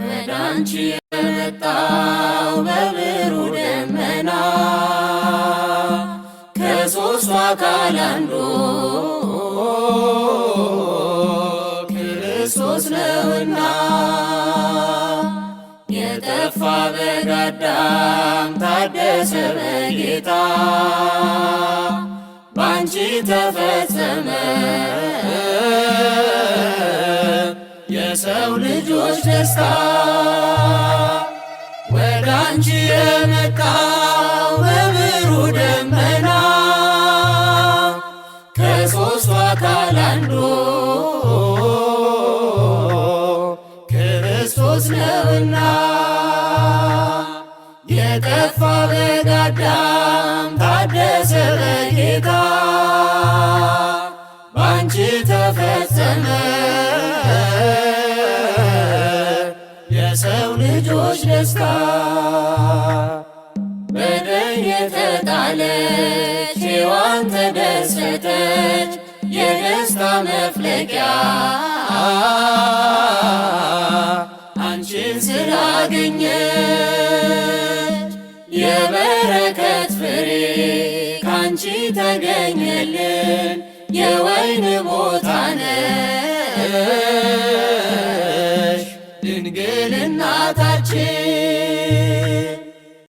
ወደ አንቺ የመጣው በብሩ ደመና ከሶስቱ አካል አንዱ ክርስቶስ ነውና የጠፋ በአዳም ታደሰ በጌታ ባንቺ ተፈጸመ የሰው ልጆች ደስታ ወደ አንቺ የመጣው በብሩ ደመና ከሶስቱ አካል አንዱ ክርስቶስ ነውና የጠፋ በግ ታደሰ በጌታ ባንቺ ተፈጸመ። ልጆች ደስታ ምድር የተጣለች ሔዋን ተደሰተች የደስታ መፍለቂያ አንቺን ስላገኘች የበረከት ፍሬ ካንቺ ተገኘልን የወይን ቦታ ነች ድንግል እናታችን